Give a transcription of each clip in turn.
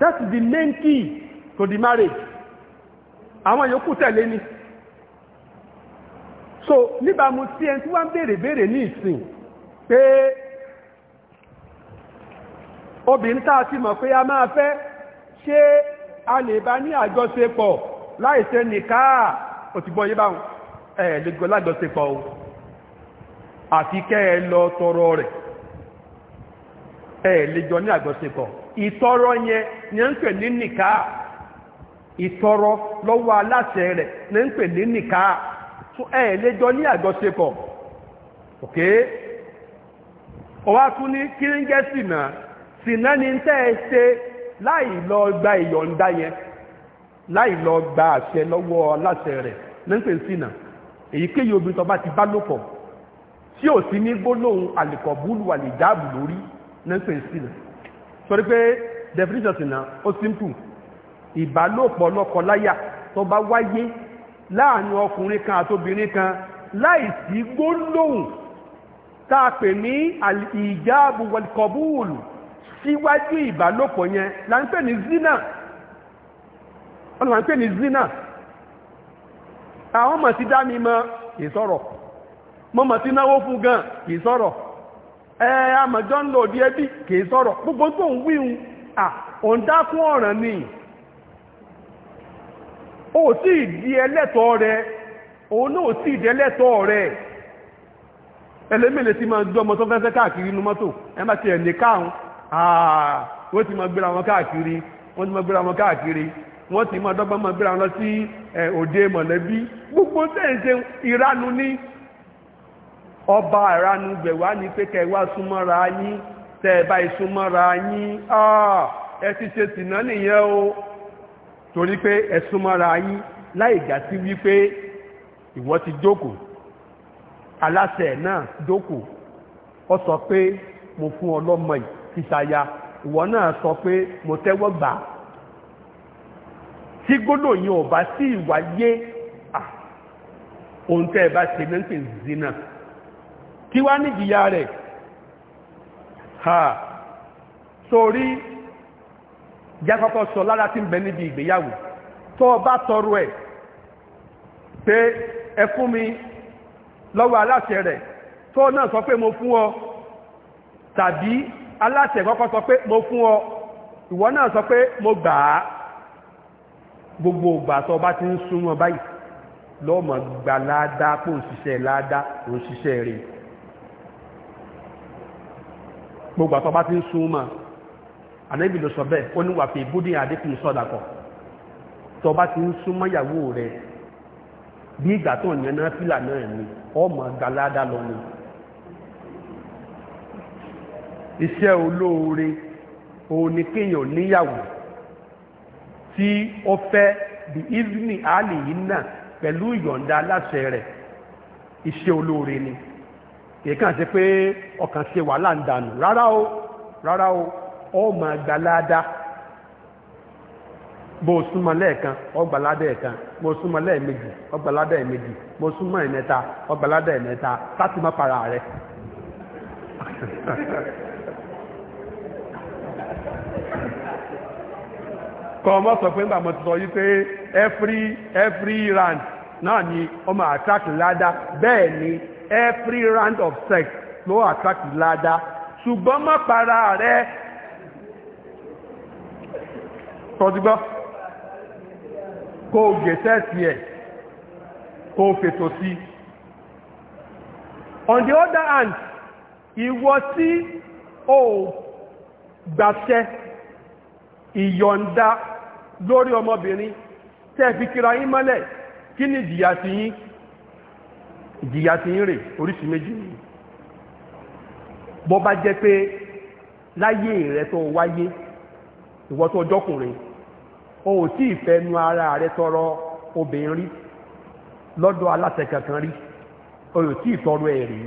that's the main key to the marriage àwọn yòókù tẹ̀lé ni so níbàmú tí ẹni tí wọ́n béèrè béèrè ní ìsìn pé obìnrin tàà ti mọ̀ pé a máa fẹ́ ṣé a lè bá ní àjọṣepọ̀ láìṣe nìkáà òtìgbọ́ yí báhùn ẹ̀ lè gọ́ lájọṣepọ̀ o àfi kẹ́ ẹ lọ tọrọ rẹ̀ ẹ̀ ní àjọṣepọ̀ ìtọrọ yẹn ni ń pè ní nìka ìtọrọ lọ́wọ́ aláṣẹ rẹ̀ ni ń pè ní nìka tún ẹ̀ ní àjọṣepọ̀ ok ọwá tún ní kí ń jẹ́ sìnà sìnà ni tẹ́ ẹ ṣe láì lọ gba ìyọ̀ǹda yẹn láì lọ gba àṣẹ lọ́wọ́ aláṣẹ rẹ̀ ní ń pè èyíkéyìí obìnrin tó bá ti bá lòpọ̀ tí ò sí ní gbólóhùn àlìkọ̀búlù àlìjáàbù lórí ní ń pè torí pé definition sì náà ó simple ìbálòpọ̀ lọ́kọláya tó bá wáyé láàrin ọkùnrin kan àtobìnrin kan láìsí gbólóhùn tá a pè ní al-ijabu wal-qabul síwájú ìbálòpọ̀ yẹn là ń pè ní zina ọ̀nà là ń pè ní zina àwọn mọ̀ sí dá mi mọ ìsọ̀rọ̀ mọ̀ mọ̀ sí náwó fún gan ìsọ̀rọ̀ ẹ amọ̀jọ́ ń lọ òdi ẹbí kìí gbogbo tó ń wíhun à òun ni ó sì di ẹlẹ́tọ̀ọ́ rẹ òun náà sì di ẹlẹ́tọ̀ọ́ rẹ ẹlẹ́mẹ̀lẹ́ ti máa gbé ọmọ tó fẹ́fẹ́ káàkiri inú mọ́tò ẹ ti ẹ̀ní káàrún wọn káàkiri ti gbogbo ọba àránú gbẹ̀wá ní pé kẹwà súnmọ́ra yín tẹ́ẹ̀bá ìsúnmọ́ra yín ah, ẹ ti ṣe tìná nìyẹn o torí pé ẹ súnmọ́ra yín láì gà sí wípé ìwọ ti jókòó aláṣẹ náà jókòó ó sọ pé mo fún ọ lọ́mọ yìí fi ṣaya ìwọ náà sọ pé mo tẹ́wọ́ gbà á tí gbọ́dọ̀ yẹn ò sí ìwáyé ah, ohun tẹ́ ṣe náà zina kí wá ní ìjìyà rẹ̀ ha sórí jákọ́kọ́ sọ lára tí ń bẹ níbi ìgbéyàwó tó o bá tọrọ ẹ̀ pé ẹ fún mi lọ́wọ́ aláṣẹ rẹ̀ tó náà sọ pé mo fún ọ tàbí aláṣẹ kọ́kọ́ sọ pé mo fún ọ ìwọ náà sọ pé mo gbà á gbogbo ìgbà tó bá ti ń súnmọ́ báyìí lọ́mọ̀ gbà ládá pò ń ṣiṣẹ́ ládá òun ṣiṣẹ́ rèé gbogbo àtọ́ bá ti ń súnmọ́ ànábì ló sọ bẹ́ẹ̀ ó ní wà fi búdí àdínkù sọ́dàkọ̀ tó bá ti ń súnmọ́ ìyàwó rẹ̀ bí ìgbà tó ń yẹn náà fìlà náà ni ọmọ galada lọ ni iṣẹ́ olóore òun ni kéèyàn níyàwó tí ó fẹ́ bí ìzmì àlè yìí náà pẹ̀lú ìyọ̀ǹda aláṣẹ rẹ̀ iṣẹ́ olóore ni. kìí kàn ṣe pé ọkàn ṣe wàhálà ń rárá o rárá o ọ máa gbà láàdá bó súnmọ́ lẹ́ẹ̀kan ọgbà kan ẹ̀kan mo súnmọ́ lẹ́ẹ̀mejì ọgbà ládà ẹ̀mejì mo súnmọ́ ẹ̀mẹ́ta ọgbà ládà ẹ̀mẹ́ta láti má para rẹ. kọ́ ọmọ sọ pé nígbà mo ti sọ yí pé every every round náà ni bẹ́ẹ̀ ni every round of sex ló attract ládá ṣùgbọ́n má para rẹ̀ tọ́júgbọ́ kó o gè sẹ́ẹ̀sì ẹ̀ kó fètò sí on the other hand ìwọ tí o gbàṣẹ ìyọ̀ǹda lórí ọmọbìnrin tẹ́ẹ̀fi kíra yín mọ́lẹ̀ kí ni ìjìyà sí yín ìjìyà ti ń rè oríṣi méjì ni bọ́ bá jẹ́ pé láyé rẹ tó wáyé ìwọ tó ọjọ́kùnrin o ò tí ì fẹnu ara rẹ tọrọ obìnrin rí lọ́dọ̀ aláṣẹ kankan rí o ò tí ì tọrọ ẹ̀ rí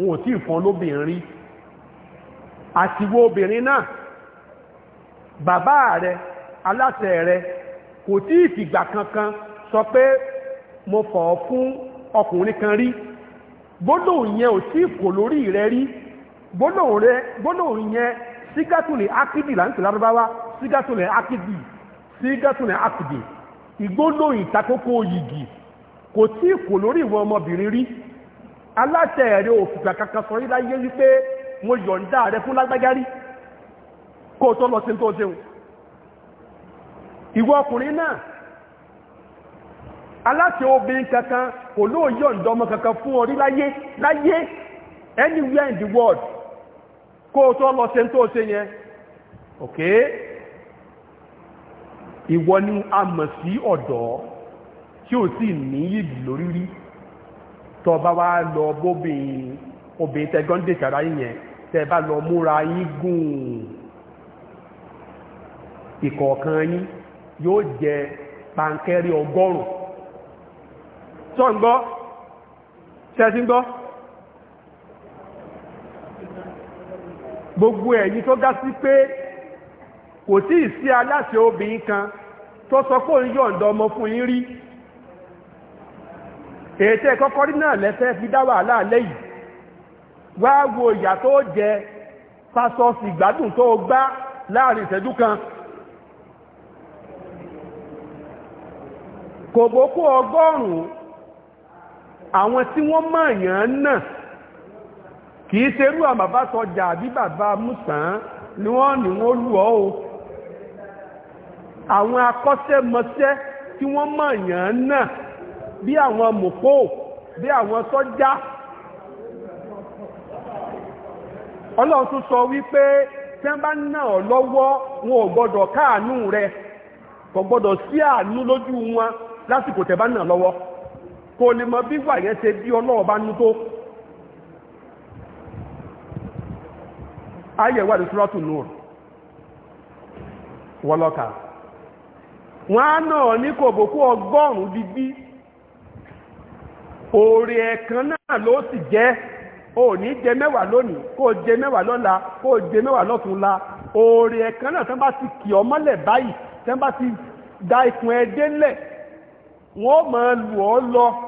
o ò tí ì fọn lóbìnrin rí àtiwọ́ obìnrin náà bàbá rẹ aláṣẹ rẹ kò tí ì kankan sọ pé mo fọ̀ fún ọkùnrin kan rí gbólóhùn yẹn ò tí kò lórí rẹ rí gbólóhùn yẹn sígátùlẹ̀ akidi là ń pè lárúbáwá sígátùlẹ̀ akidi sígátùlẹ̀ akidi ìgbólóhùn ìtakókó yìgì kò tí kò lórí ìwọ ọmọbìnrin rí aláṣẹ ẹ̀rẹ́ òfìgbà kankan sọ láyé wípé mo yọ̀ǹda rẹ fún lágbágárí kó tó lọ sí tó jẹun ìwọ ọkùnrin náà aláṣẹ obìnrin kankan kò lóò yọ̀ǹda kankan fún orí láyé láyé anywhere in the world kó o lọ se tó nye yẹn ok ìwọ ni a mọ̀ sí ọ̀dọ́ tí ò sì ní yìí lórí rí bá wá lọ bóbìnrin obìnrin tẹ́gán dè sára yẹn bá tọ́ ń gbọ́ tẹ́sí ń gbọ́ gbogbo ẹ̀yin tó gá sí pé kò tí ì sí aláṣẹ obìnrin kan tó sọ kó ń yọ̀ǹda ọmọ fún yín rí ètẹ́ kọ́kọ́ rí náà lẹ́fẹ́ fi dá wàhálà lẹ́yìn wá wo ìyà tó jẹ fásọsì ìgbádùn tó gbá láàrin ìṣẹ́jú kan kòbókó ọgọ́rùn-ún àwọn tí wọ́n mọ̀yàn náà kìí ṣerú àmàbá sọjà àbí bàbá mùsàn ni wọ́n lù ọ́ o àwọn akọ́ṣẹ́mọṣẹ́ tí wọ́n mọ̀yàn náà bí àwọn mòpó bí àwọn sọ́jà ọlọ́run wípé tí wọ́n lọ́wọ́ wọn ò gbọ́dọ̀ rẹ kò gbọ́dọ̀ sí àánú lójú wọn lásìkò lọ́wọ́ kò lè mọ bí wà yẹn ṣe bí ọlọ́wọ́ bá nú tó ayẹ̀wò àdìsúrọ́tù nù wọ́lọ́ka wọ́n á náà ní kòbókó ọgọ́rùn-ún dídí ẹ̀kan náà ló sì jẹ́ o ní jẹ mẹ́wàá lónìí jẹ jẹ mẹ́wàá ẹ̀kan náà tán bá ti da ikùn wọ́n máa lù ọ́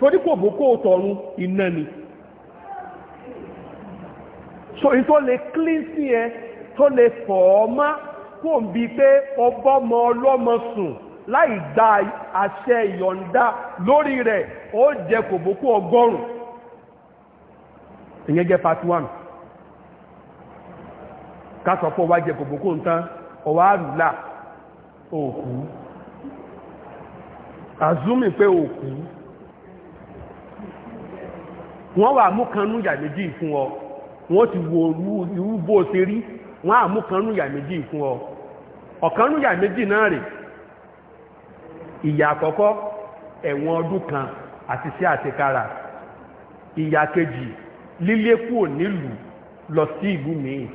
torí kò bó kó tọrun iná ni so in tó lè clean sí ẹ tó lè fọ̀ ọ́ má kò ń bi pé ọbọ́mọ ọlọ́mọ sùn láì gba àṣẹ ìyọ̀ǹda lórí rẹ̀ ó jẹ kò bó kó ọgọ́rùn ìyẹn jẹ́ part one kásọ̀pọ̀ wá jẹ kòbòkó ǹtán ọwá àrùlà òkú azúmì pé òkú wọ́n wà mú kanú ìyà méjì fún ọ wọ́n ti wo irú bó o ṣe rí wọ́n á mú kanú ìyà méjì fún ọ ọ̀kanú ìyà méjì náà rè ìyà àkọ́kọ́ ẹ̀wọ̀n ọdún kan àti sí àṣekára ìyà kejì lílé kúrò nílùú lọ sí ìlú míì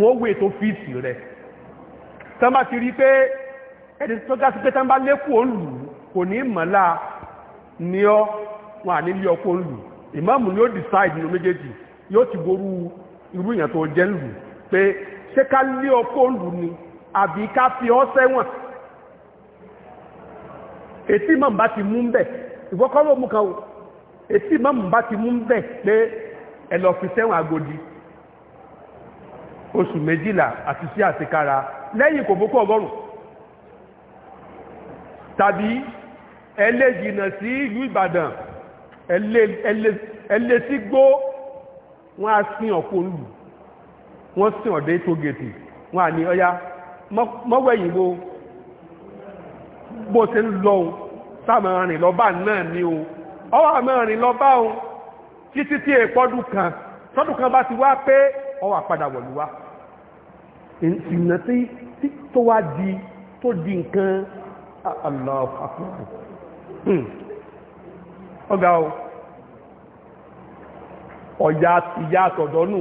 wọ́n wé tó fíìsì rẹ̀ tán bá ti rí pé ẹni tó gá sí pé tán bá lé kúrò ń lù kò ní mọ̀lá ní ọ wọn à nílé ọkọ̀ ń lù ìmáàmù ni decide nínú méjèèjì yóò ti ború irú ìyàn tó jẹ́ lù pé ṣé ká lé ọkọ̀ lù ni àbí ká fi ọ́ sẹ́wọ̀n ètí ìmáàmù bá ti mú ń bẹ̀ ìwọ́kọ́rọ̀ mú kan ètí ìmáàmù bá ti mú ń bẹ̀ pé ẹ fi sẹ́wọ̀n agodi oṣù méjìlá àti sí àṣekára lẹ́yìn kò fókó ọgọ́rùn tàbí ẹlẹ́jìnà sí ìlú Ìbàdàn ẹlẹ́ sí gbó wọ́n á sin ọ̀pọ̀ olù wọ́n sin ọ̀dẹ́ tó gètè wọ́n à ní ọya mọ́wẹ̀yìnbó bó ti ń lọ ohun sáàmà rìn lọ́bà náà ni o ọwọ́ àmà rìn lọ́bà ohun títí tí èpọ́dún kan tọ́dún kan bá ti wá pé ọwọ́ àpadà wọ̀lú wá ìrìnà tí tó wá di tó di nǹkan Allahu ọgá o ọ̀yà ìyá àtọ̀dọ́ nù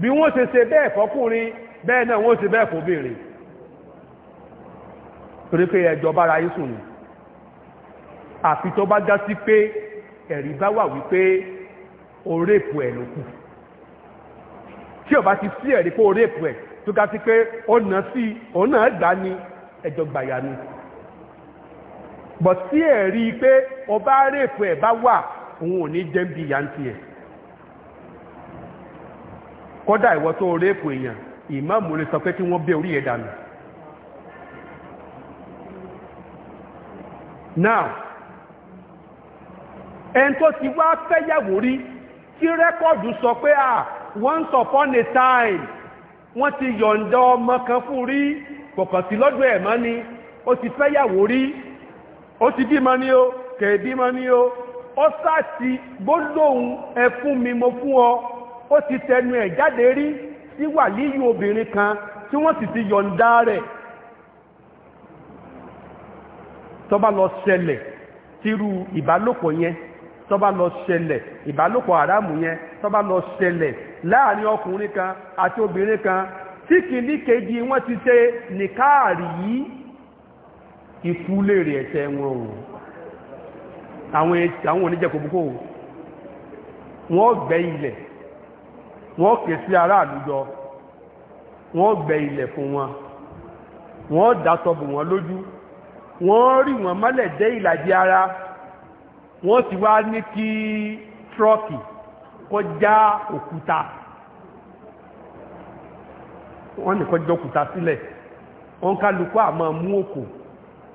bí wọ́n ṣe ṣe bẹ́ẹ̀ fọ́kùnrin bẹ́ẹ̀ náà wọ́n ṣe bẹ́ẹ̀ fóbìnrin torí pé ẹjọ́ bára yín sùn ni àfi tó bá já sí pé ẹ̀rí bá wà wípé o ẹ̀ ló kù tí ó ti sí ẹ̀rí pé o ẹ̀ tó ká sí pé ó sí òun náà ni ẹjọ́ gbàyà ni bọ̀ sí ẹ̀rí pé ọba rèpù ẹ̀ bá wà òun ò ní jẹ́ bí ìyá ń tiẹ̀ kódà ìwọ tó rèpù èèyàn ìmáàmù lè sọ pé kí wọ́n bẹ́ orí ẹ̀ dànù now ẹn tó ti wá fẹ́yàwó rí tí rẹ́kọ̀dù sọ pé à once upon a time wọ́n ti yọ̀ǹda ọmọ kan fún rí kọ̀kàn sí lọ́dọ̀ ẹ̀ mọ́ ni ó ti fẹ́yàwó rí ó ti bímọ ní o kẹ̀ bímọ ní o ó sáàtì gbólóhùn ẹ fún mi mo fún ọ ó ti tẹnu ẹ̀ jáde rí sí wàlíyù obìnrin kan tí wọ́n sì ti yọ̀ǹda rẹ̀ tó bá lọ ṣẹlẹ̀ tírú ìbálòpọ̀ yẹn tó bá lọ ṣẹlẹ̀ ìbálòpọ̀ àrámù yẹn tó bá lọ ṣẹlẹ̀ láàrin ọkùnrin kan àti obìnrin kan tí kìíní kejì wọ́n ti ṣe nìkáàrí yìí ikú léèrè ẹ̀ṣẹ̀ wọn o àwọn àwọn oníjẹ̀kọ̀bùkọ̀ wọ́n gbẹ́ ilẹ̀ wọ́n kè sí aráàlú jọ wọ́n gbẹ ilẹ̀ fún wọn wọ́n dàtọ̀bù wọn lójú wọ́n rí wọn mọ́lẹ̀ dé ìlàjì ara wọ́n ti wá ní kí trọ́ọ̀kì kọjá òkúta wọ́n ní kọjá òkúta sílẹ̀ wọ́n kálukú àmọ́ mú òkú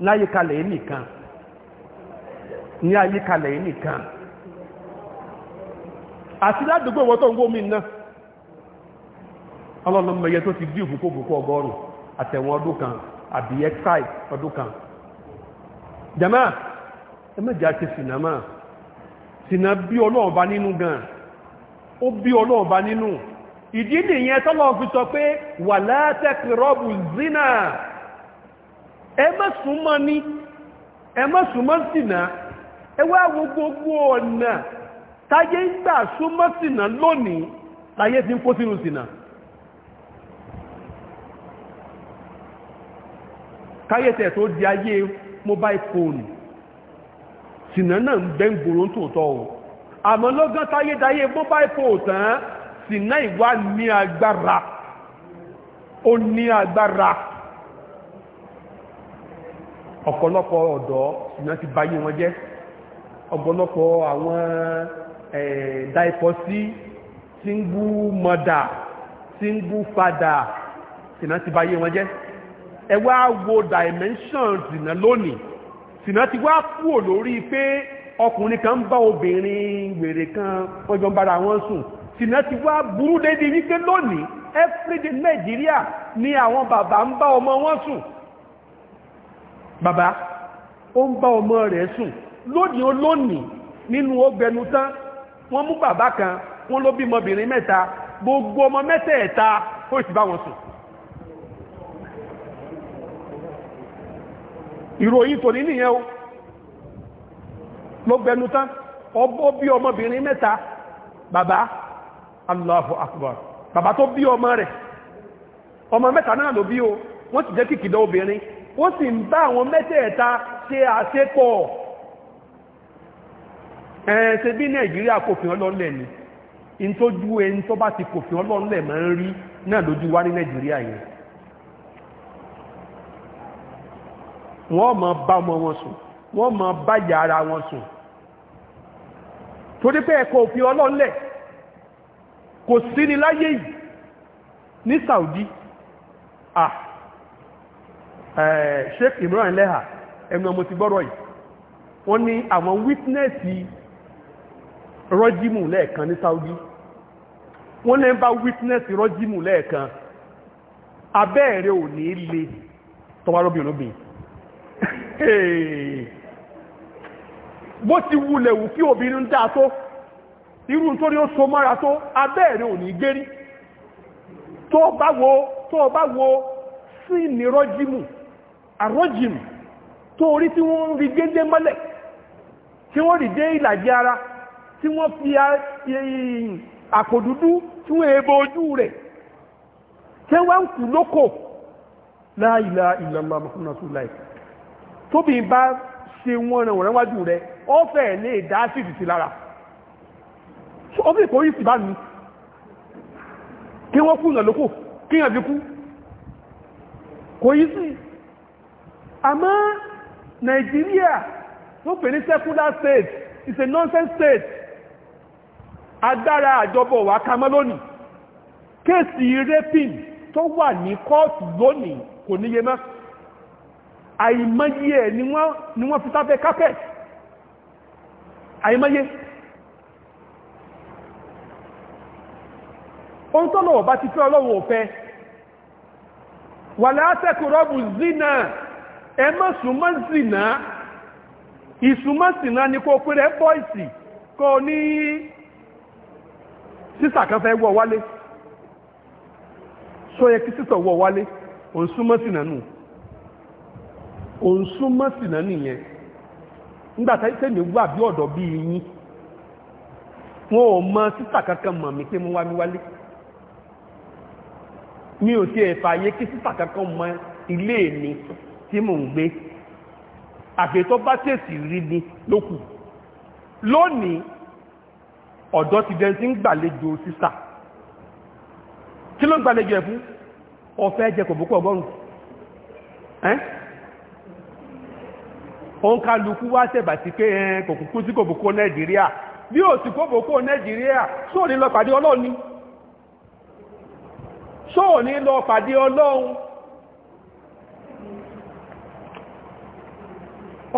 ní àyíkalẹ̀ yìí nìkan ní àyíkalẹ̀ yìí nìkan àti ládùúgbò wọ́n tó ń gómi náà ọlọ́lọ́mọye tó ti dí òfúkófúkó ọgọ́rùn àtẹ̀wọ̀n ọdún kan àbí ẹ́ksáì ọdún kan jama ẹmẹ́jà ti sìnà máa sìnà bí ọlọ́ọ̀bá nínú gan ó bí ọlọ́ọ̀bá nínú ìdí nìyẹn tọ́lọ́ fi sọ pé wala taqrabu zina ẹ má súnmọ́ ní ọ̀nà táyé ń gbà súnmọ́ lónìí ayé mobile phone sínà náà ń bẹ́ ń gbòrò ń tòótọ́ o àmọ́ lọ́gán táyé dáyé mobile phone sínà ìwá ní agbára ó ní agbára ọ̀pọ̀lọpọ̀ ọ̀dọ́ ìyàn ti báyé wọn jẹ́ ọ̀pọ̀lọpọ̀ àwọn dáìpọ̀sí single mother single father ìyàn ti báyé wọn jẹ́ ẹ wá wo dimensions ìnà lónìí ìyàn ti wá kúrò lórí pé ọkùnrin kan bá obìnrin wèrè kan wọ́n jọ ń bára wọn sùn ìyàn ti wá burú dédé wípé lónìí everyday Nàìjíríà ni àwọn bàbá ń bá ọmọ wọn sùn bàbá ó ń bá ọmọ rẹ̀ sùn lónìí ó lónìí nínú ó bẹnu tán wọ́n mú bàbá kan wọ́n ló bí ọmọbìnrin mẹ́ta gbogbo ọmọ mẹ́tẹ̀ẹ̀ta ó sì bá wọn sùn ìròyìn tòní nìyẹn o ló bẹnu tán ọbọ́ bí ọmọbìnrin mẹ́ta bàbá Allahu Akbar bàbá tó bí ọmọ rẹ̀ ọmọ mẹ́ta náà ló bí o wọ́n ti jẹ́ kìkìdá obìnrin ó sì ń bá àwọn mẹ́tẹ̀ẹ̀ta ṣe àṣepọ̀ ẹ̀ẹ́ ṣe bí nàìjíríà kò fi ọlọ́lẹ̀ ni in tó ju ẹni tó bá ti kò fi ọlọ́lẹ̀ máa ń rí náà lójú wá ní nàìjíríà yẹn wọ́n máa bá ọmọ wọn sùn wọ́n máa bá ìyá ara wọn sùn torí pé ẹ̀kọ́ òfin ọlọ́lẹ̀ kò sí ní láyé yìí ní Saudi ah Eh, Sheikh Ibrahim Leha ẹnu ọmọ ti gbọ́rọ̀ yìí wọ́n ní àwọn wítínẹ́sì rọ́jímù lẹ́ẹ̀kan ní Saudi wọ́n lẹ́ ń bá wítínẹ́sì rọ́jímù lẹ́ẹ̀kan abẹ́ẹ̀rẹ̀ ò ní le tọwárọ́bì olóbìn bó ti wulẹ̀ wù kí obìnrin dá tó irú tó ní ó so mára tó abẹ́ẹ̀rẹ̀ ò ní gérí wo tó bá wo sí ní rọ́jímù àrọ́jìm tó orí tí wọ́n rí gédé mọ́lẹ̀ tí wọ́n rí dé ìlàjì ara tí wọ́n fi e, e, àpò dúdú tí wọ́n èbò ojú rẹ̀ tí wọ́n ń kù lókò láìlà ìlànà mọ́kànlá tóbi bá ṣe wọ́n rẹ̀ wọ́n rẹ̀wájú rẹ̀ ó fẹ́ lè dá sí lára kí wọ́n kú ìrànlókò kí yàn kú kò yí sí àmọ́ nàìjíríà wọ́n pè ní secular state it's a nonsense state agbára àjọbọ̀ wà kamọ́ lónìí kéèsì rapin tó wà ní kóòtù lónìí kò níye mọ́ àìmọye ni wọ́n fi sáfẹ́ carpet àìmọye ohun tó lọ́wọ́ bá ti fẹ́ ọlọ́run ò fẹ́ wà láásẹ̀kù rọ́bù zina ẹ má súnmọ́ zìnà ìsúnmọ́ zìnà ni kò ni bọ́ìsì kò ní sísà kan fẹ́ wálé sọ yẹ kí sísà wọ wálé òun súnmọ́ zìnà nù òun súnmọ́ zìnà nìyẹn nígbà tẹ́mi wà bí ọ̀dọ̀ bí ò kankan mọ̀ mí pé mo wá mi wálé mi ò tiẹ̀ kí sísà kankan mọ ilé mi tí mò ń gbé àgbètọ́ bá tèsì rí ni lókù lónìí ọ̀dọ́ ti dẹ́ sí ń gbàlejò sísà kí ló ń gbàlejò ẹ̀ fún ọ̀fẹ́ jẹ kò bókọ̀ ọgọ́rùn ẹ́n òun kálukú wá tẹ̀bà sí pé ẹn kòkòkú sí kòbòkó nàìjíríà bí ò sí kòbòkó nàìjíríà sóò ní lọ pàdé ọlọ́run ni sóò ní lọ pàdé ọlọ́run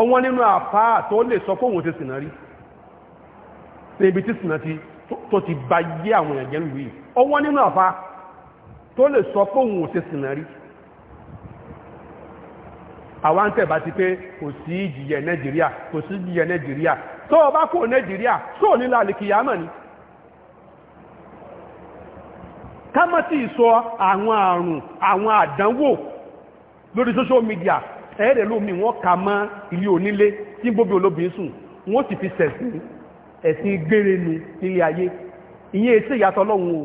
ọwọ́n nínú àfáà tó lè sọ fóhun ti sìnà rí níbi tí sìnà ti tó ti bá yé àwọn èèyàn jẹ́ lùú yìí ọwọ́n nínú àfáà tó lè sọ fóhun ti sìnà rí àwa ń tẹ̀bá ti pé kò sí ìjìyà nàìjíríà kò sí ìjìyà Nigeria, tó o bá kò nàìjíríà tó o nílò àlìkìyàmọ̀ ni ká mọ́ sí ìsọ àwọn àrùn àwọn àdánwò lórí social media ẹ̀ẹ́dẹ̀ lómi wọ́n ka mọ́ ilé onílé tí gbóbi olóbìn sùn wọ́n sì fi sẹ̀sìn ẹ̀sìn gbére nu nílé ayé ìyẹn èsè ìyàtọ̀ lọ́hun o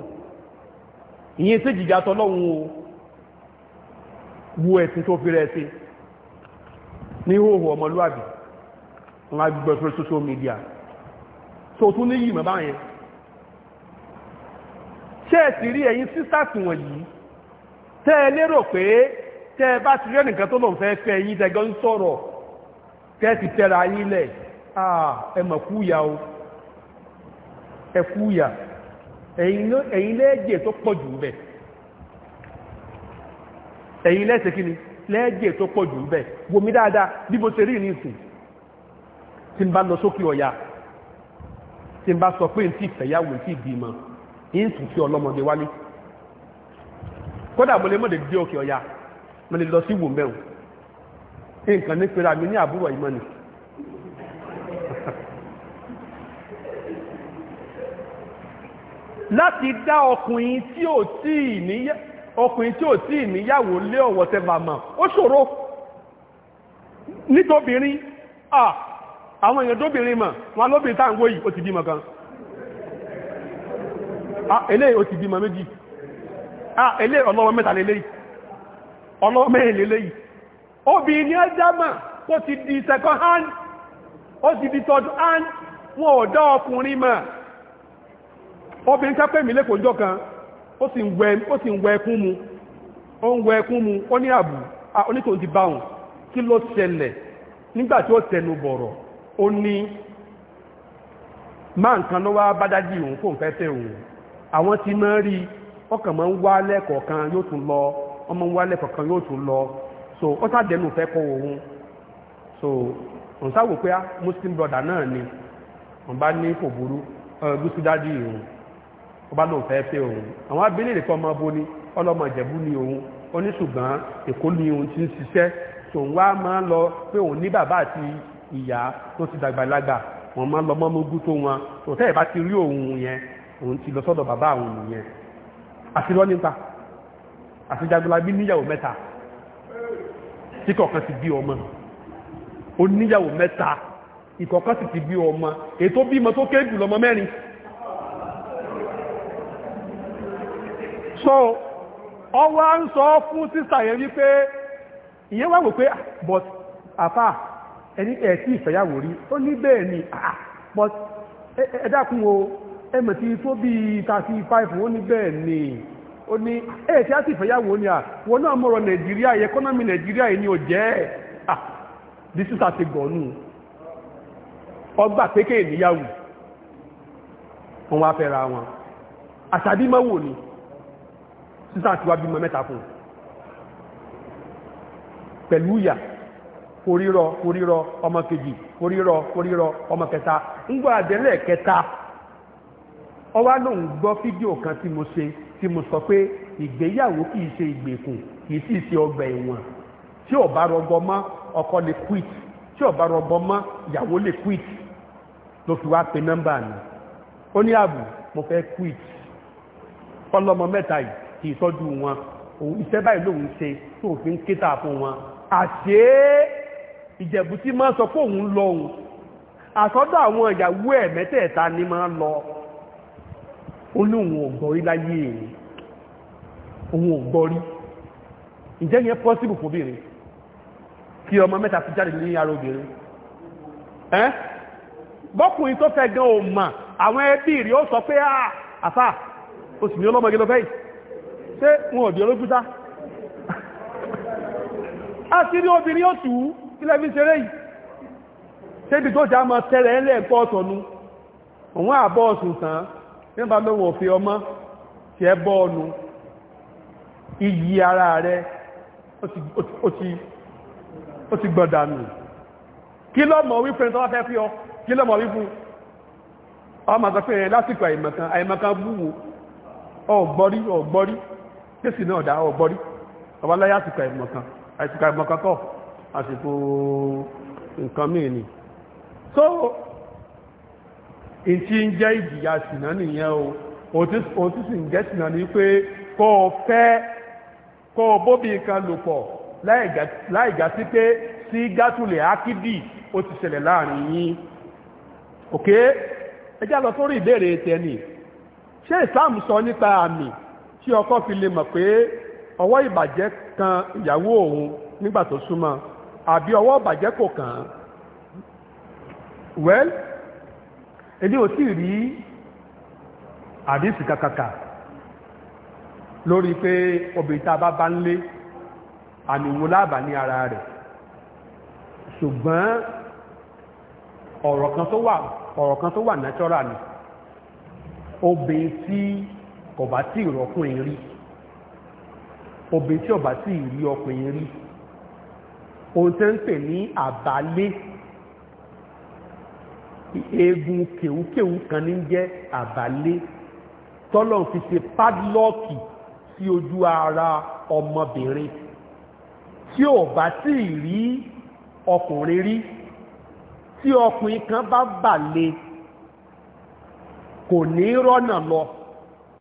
ìyẹn èsè ìjìyàtọ̀ lọ́hun o wo ẹ̀sìn tó fi rẹ̀ ṣe ní hóhò ọmọlúwàbí wọn á gbọ́ sórí social media tó tún ní yìí mọ̀ báyẹn ṣé ẹ̀sìn rí ẹ̀yin sísàtì wọ̀nyí tẹ́ ẹ lérò pé tẹ́ ẹ bá ti rí ẹnìkan tó lòun fẹ́ fẹ́ yín tẹ́gọ́ ń sọ̀rọ̀ tẹ́ ẹ ti tẹ́ra yín lẹ̀ ẹ mọ̀ kúùyà o ẹ kúùyà ẹ̀yin lẹ́ẹ̀jẹ̀ tó pọ̀ jù bẹ̀ ẹ̀yin lẹ́ẹ̀sẹ̀ kí ni lẹ́ẹ̀jẹ̀ tó pọ̀ jù bẹ̀ wòmí dáadáa bí mo ṣe rí ní ìsìn tí n bá lọ sókè ọ̀yà tí n bá sọ pé n ti fẹ̀yàwó tí bímọ ní ìsìn tí ọlọ́mọdé wálé kódà mo lè mọ̀dé dé òkè ọ̀yà mo lè lọ sí wò mẹ́wò nǹkan ní pera mi ní àbúrò ìmọ̀ ni láti dá ọkùnrin tí ò tí ìníyà ọkùnrin tí ò tí ìníyàwó lé ọ̀wọ̀ tẹ́bà mọ̀ ó ṣòro nítòbìnrin àwọn èèyàn tóbìnrin mọ̀ wọn lóbìnrin táǹgó yìí ó ti bímọ kan eléyìí ó ti bímọ méjì eléyìí ọlọ́wọ́ mẹ́ta lélẹ́yìí ọlọ́mọ èlélé yìí obìnrin ní ẹjámà tó ti di second hand ó ti di third hand wọn ò dá ọkùnrin mà obìnrin tẹ́pẹ́ mi lẹ́kọ̀ọ́ jọ kan ó sì ń wẹ ẹkún mu ó ń wẹ ẹkún mu ó ní àbù onítòun ti bá kí ló ṣẹlẹ̀ nígbà ó tẹnu bọ̀rọ̀ ó ní máa nǹkan ló wá bá dájí òun kò ń fẹ́ fẹ́ òun àwọn ti máa rí lọ ọmọ ń wálẹ̀ kọ̀ọ̀kan yóò tún lọ so ó sàdẹ́nu fẹ́ kọ́ òun so òun sáwò pé ah, muslim brother náà ni wọ́n bá ní kò burú gúúsù dájú òun ó bá lóun fẹ́ fẹ́ òun àwọn abílẹ̀ kan ọmọ bo ni ọlọ́mọ ìjẹ̀bú ni òun ó ní ṣùgbọ́n èkó ni òun ti ń ṣiṣẹ́ so òun wá máa ń lọ pé òun ní bàbá àti ìyá tó ti dàgbàlagbà wọ́n máa ń lọ mọ́mọ́gú tó wọn tòtẹ́ ìbá ti rí òun yẹn òun ti lọ sọ́dọ̀ bàbá òun nìyẹn àti lọ́nípa àti Jagunlabi níyàwó mẹ́ta tí kọ̀ọ̀kan ti bí ọmọ ó níyàwó mẹ́ta ìkọ̀ọ̀kan ti bí ọmọ ètò bímọ tó ké jù lọ́mọ mẹ́rin so ọwọ́ ń sọ fún sísà yẹn wípé ìyẹn wà wò ah, but àfà ẹni ẹ̀tí ìfẹ̀yàwó rí ó ní bẹ́ẹ̀ ni ah, ah but ẹ̀dàkùn o ẹmọ̀ tí tó bí 35 ó ní bẹ́ẹ̀ ni ó ní ẹ̀ eh, tí a sì fẹ́yàwó ní à wọn náà mọ̀rọ̀ nàìjíríà ẹkọ́nọ́mì nàìjíríà yìí ni ò jẹ́ ẹ̀ ah this is àti gọ̀ọ́nù ọgbà pékè níyàwó wọn wá fẹ́ ra wọn àṣàbímọ́ ni sísà tí wá bímọ mẹ́ta fún pẹ̀lú ìyà kórírọ kórírọ ọmọ kejì ọmọ kẹta ń gbọ́ àdẹ́lẹ̀ kẹta ọwá kan tí mo ṣe tí mo sọ pé ìgbéyàwó kìí ṣe ìgbèkùn kìí sì ṣe ọgbà ẹ̀wọ̀n tí ò bá rọgbọ mọ́ ọkọ lè quit tí ò bá rọgbọ mọ́ ìyàwó lè quit ló fi wá pe nọ́mbà mi ó ní ààbò mo fẹ́ quit fọlọ́mọ mẹ́ta yìí kì í tọ́jú wọn òun iṣẹ́ báyìí lòun ṣe tó fi ń kéta fún wọn àṣé ìjẹ̀bù tí máa sọ pé òun lọ òun àsọ́dọ̀ àwọn ìyàwó ẹ̀ mẹ́tẹ̀ẹ̀ta ni máa lọ ó ní òun ògbọ́rí láyé èrè òun ògbọ́rí ǹjẹ́ yẹn pọ́síbù fòbìnrin kí ọmọ mẹ́ta jáde ní ara obìnrin ẹ́ bọ́kùnrin tó fẹ́ gan òmà àwọn ẹbí rí ó sọ pé àfà ó sì ní wọn a ti rí obìnrin ó tù ú ilẹ̀ fi ṣeré yìí ṣébi tó jà tẹ́rẹ̀ òun àbọ̀ ọ̀sùn ní bá òfin ọmọ tí ẹ iyì ara rẹ ó ti gbọ́dànù kí lọ́mọ̀ wípé tó wá fẹ́ fí ọ kí lọ́mọ̀ ọmọ lásìkò àìmọ̀kan àìmọ̀kan ọgbọ́rí ọgbọ́rí kéèsì náà dá ọgbọ́rí àìmọ̀kan in tí ń jẹ́ ìjìyà sìnà nìyẹn o òtí sì ń jẹ́ sìnà ni pé kó o fẹ́ kó o bóbi nǹkan lò pọ̀ láìgá sí pé sí gátùlẹ̀ ákídì ó ti ṣẹlẹ̀ láàrin yín òkè ẹ já lọ sórí ìbéèrè tẹni ṣé ìsáàmù sọ nípa àmì tí ọkọ fi lè mọ̀ pé ọwọ́ ìbàjẹ́ kan ìyàwó òun nígbà tó súnmọ́ àbí ọwọ́ ìbàjẹ́ kò kàn án well èdè ò tí rí àdísì kàkàkà lórí pé obìnrin tá a bá bá ń lé àmì wo láàbà ní ara rẹ̀ ṣùgbọ́n ọ̀rọ̀ kan tó wà ọ̀rọ̀ kan tó wà natural ni obìnrin tí kò bá tí ìrọ̀kùnrin rí obìnrin tí ò tí ìrí ọkùnrin rí ohun tẹ́ ń pè ní àbálé eegun kèwúkèwú kan ní jẹ́ àbálé tọ́lọ̀ fi ṣe padlọ́ọ̀kì sí ojú ara ọmọbìnrin tí ò bá tí ì rí ọkùnrin rí tí ọkùnrin kan bá bà lé kò ní rọ́nà lọ.